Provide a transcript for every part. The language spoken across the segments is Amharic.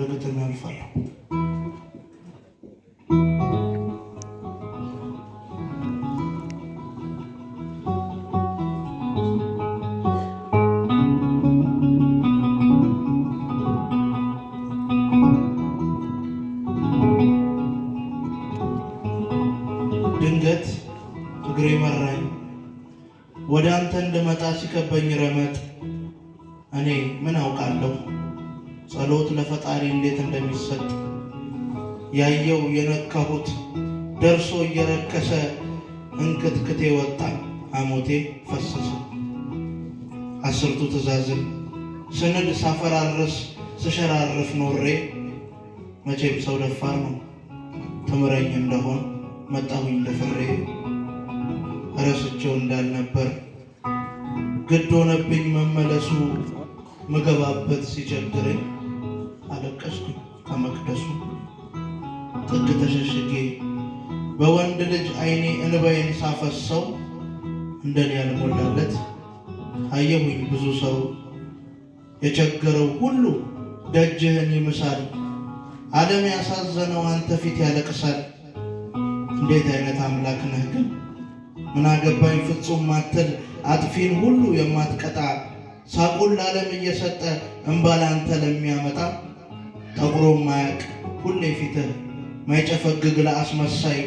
በግትን አልፋለሁ። ድንገት እግሬ መራኝ፣ ወደ አንተ እንድመጣ ሲከበኝ ረመጥ እኔ ምን አውቃለሁ ጸሎት ለፈጣሪ እንዴት እንደሚሰጥ ያየው የነከሁት ደርሶ እየረከሰ እንክትክቴ ወጣ አሞቴ ፈሰሰ። አስርቱ ትእዛዝን ስንል ሳፈራርስ ስሸራርፍ ኖሬ መቼም ሰው ደፋር ነው ትምረኝ እንደሆን መጣሁኝ ደፍሬ ረስቸው እንዳልነበር ግድ ሆነብኝ መመለሱ ምገባበት ሲቸግረኝ አለቀስኩ ከመቅደሱ ጥግ ተሸሽጌ በወንድ ልጅ ዓይኔ እንባዬን ሳፈሰው እንደኔ ያልሞላለት አየሁኝ ብዙ ሰው የቸገረው ሁሉ ደጅህን ይምሳል። ዓለም ያሳዘነው አንተ ፊት ያለቅሳል። እንዴት አይነት አምላክ ነህ ግን ምን አገባኝ ፍጹም ማትል አጥፊን ሁሉ የማትቀጣ ሳቁን ለዓለም እየሰጠ እምባ ላንተ ለሚያመጣ ጠቁሮ ማያቅ ሁሌ ፊትህ ማይጨፈግግ ለአስመሳይ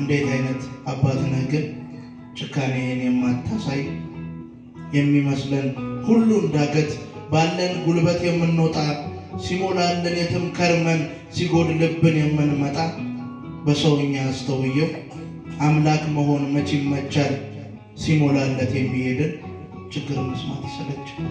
እንዴት አይነት አባት ነህ ግን ጭካኔን የማታሳይ የሚመስለን ሁሉን ዳገት ባለን ጉልበት የምንወጣ ሲሞላልን የትም ከርመን ሲጎድልብን የምንመጣ በሰውኛ አስተውየው አምላክ መሆን መች ይመቻል ሲሞላለት የሚሄድን ችግር መስማት ይሰለቻል።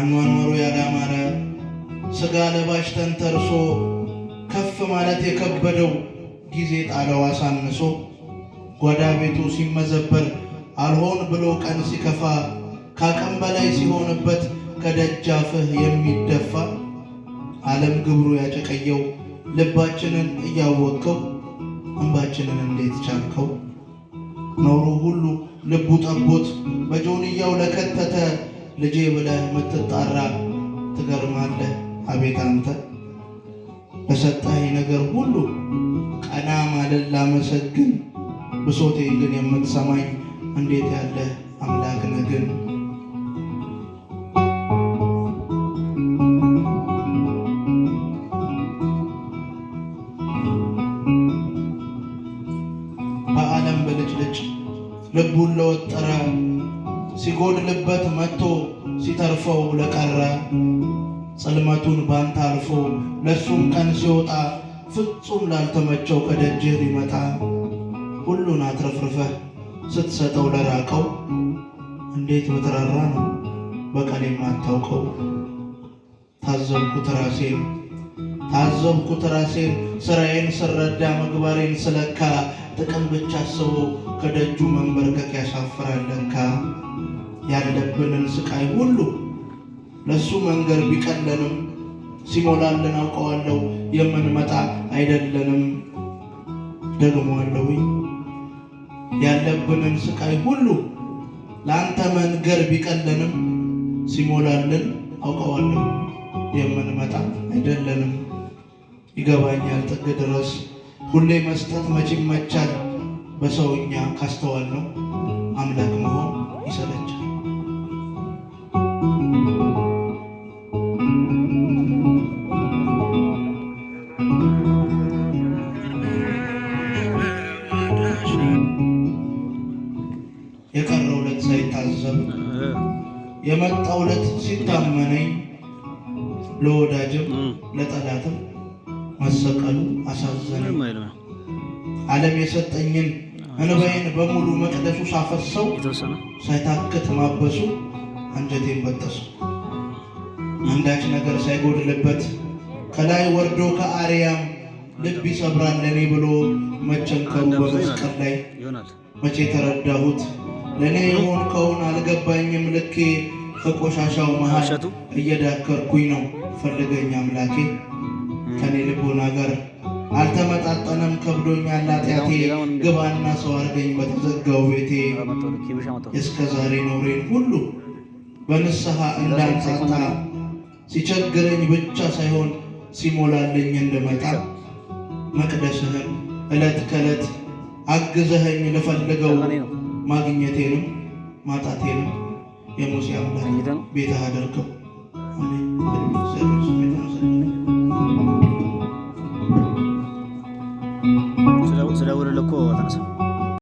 አኗኗሩ ያላማረ ስጋ ለባሽ ተንተርሶ ከፍ ማለት የከበደው ጊዜ ጣለው አሳንሶ ጓዳ ቤቱ ሲመዘበር አልሆን ብሎ ቀን ሲከፋ ከአቅም በላይ ሲሆንበት ከደጃፍህ የሚደፋ ዓለም ግብሩ ያጨቀየው ልባችንን እያወቅከው እንባችንን እንዴት ቻልከው? ኖሩ ሁሉ ልቡ ጠቦት በጆንያው ለከተተ ልጄ ብለህ የምትጣራ ትገርማለህ። አቤት አንተ በሰጠኸኝ ነገር ሁሉ ቀና ማለት ላመሰግን፣ ብሶቴ ግን የምትሰማኝ እንዴት ያለ አምላክ ነህ ግን በዓለም ብልጭልጭ ልቡን ለወጠረ ሲጎድልበት መጥቶ ሲተርፈው ለቀረ ጽልመቱን ባንተ አልፎ ለእሱም ቀን ሲወጣ ፍጹም ላልተመቸው ከደጅህ ሊመጣ ሁሉን አትረፍርፈህ ስትሰጠው ለራቀው እንዴት ብትራራ ነው በቀን የማታውቀው። ታዘብኩት ራሴም ታዘብኩት ራሴም ስራዬን ስረዳ ምግባሬን ስለካ ጥቅም ብቻ አስቦ ከደጁ መንበርከክ ያሳፍራል ለካ። ያለብንን ስቃይ ሁሉ ለእሱ መንገድ ቢቀለንም ሲሞላልን አውቀዋለሁ። የምንመጣ አይደለንም ደግሞአለሁኝ። ያለብንን ስቃይ ሁሉ ለአንተ መንገድ ቢቀለንም ሲሞላልን አውቀዋለሁ። የምንመጣ አይደለንም ይገባኛል ጥግ ድረስ ሁሌ መስጠት መቼም መቻል በሰውኛ ካስተዋል ነው አምላክ መሆን ይሰለቻል። የቀረው ዕለት ሳይታዘብ የመጣው ዕለት ሲታመነኝ ለወዳጅም ለጠላትም መሰቀሉ አሳዘነኝ። ዓለም የሰጠኝን እንባዬን በሙሉ መቅደሱ ሳፈሰው ሳይታክት ማበሱ አንጀቴን በጠሱ አንዳች ነገር ሳይጎድልበት ከላይ ወርዶ ከአርያም ልብ ይሰብራል ለእኔ ብሎ መቸንከሩ በመስቀል ላይ መቼ ተረዳሁት ለእኔ የሆንከውን አልገባኝም ልኬ ከቆሻሻው መሃል እየዳከርኩኝ ነው ፈልገኝ አምላኬ ከኔ ልቦና ጋር አልተመጣጠነም፣ ከብዶኛል ኃጢአቴ። ግባና ሰው አድርገኝ በተዘጋው ቤቴ። እስከ ዛሬ ኖሬን ሁሉ በንስሐ እንዳንጻታ ሲቸግረኝ ብቻ ሳይሆን ሲሞላለኝ እንድመጣ መቅደስህን ዕለት ከዕለት አግዘኸኝ ልፈልገው ማግኘቴንም ማጣቴንም የሙሴ አምላክ ቤትህ አደርገው።